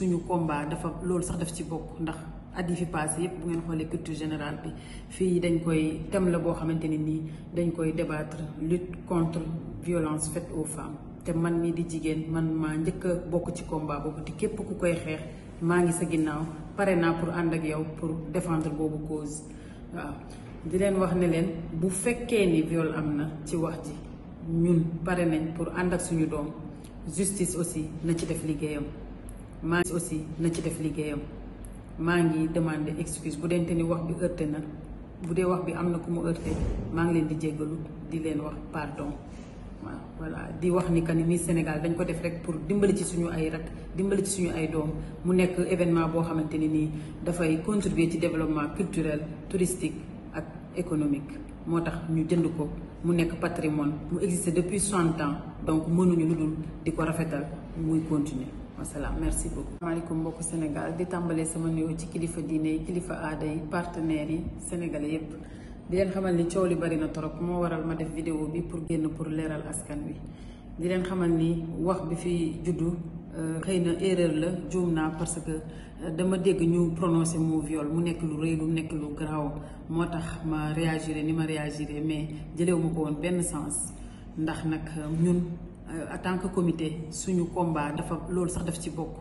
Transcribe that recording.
suñu combat dafa loolu sax def ci bokk ndax at yi fi passé yëpp bu ngeen xoolee culture générale bi fii dañ koy thème la boo xamante ne nii dañ koy débattre lutte contre violence faite aux femmes te man mii di jigéen man maa njëkk a bokk ci combat boobu te képp ku koy xeex maa ngi sa ginnaaw pare naa pour ànd ak yow pour défendre boobu cause waaw di leen wax ne leen bu fekkee ni viol am na ci wax ji ñun pare nañ pour ànd ak suñu doom justice aussi na ci liggéeyam maa ngi aussi na ci def liggéeyam maa ngi demander excuse bu dente ni wax bi heurté na bu dee wax bi am na ku mu heurté maa ngi leen di jéggalu di leen wax pardon waaw voilà di wax ni que ni Miss Sénégal dañ ko def rek pour dimbali ci suñu ay rak dimbali ci suñu ay doom mu nekk événement boo xamante ni nii dafay contribuer ci développement culturel touristique ak économique moo tax ñu jënd ko mu nekk patrimoine mu existe depuis cent ans donc mënuñu lu dul di ko rafetal muy continuer wasalaam merci beaucoup. maaleykum mbokku Sénégal di tàmbalee sama nuyoo ci kilifa diine yi kilifa aada yi partenaires yi sénégal yépp di leen xamal ni coow li bari na torop moo waral ma def vidéo bi pour génn pour leeral askan wi di leen xamal ni wax bi fi juddu. Euh, xëy na erreur la juum naa parce que euh, dama dégg ñu prononcé mot viol mu nekk lu rëy lu nekk lu garaaw moo tax ma réagiré ni ma réagiré mais jëlewu ko woon benn sens ndax nag euh, ñun euh, en tant que comité suñu combat dafa loolu sax daf ci bokk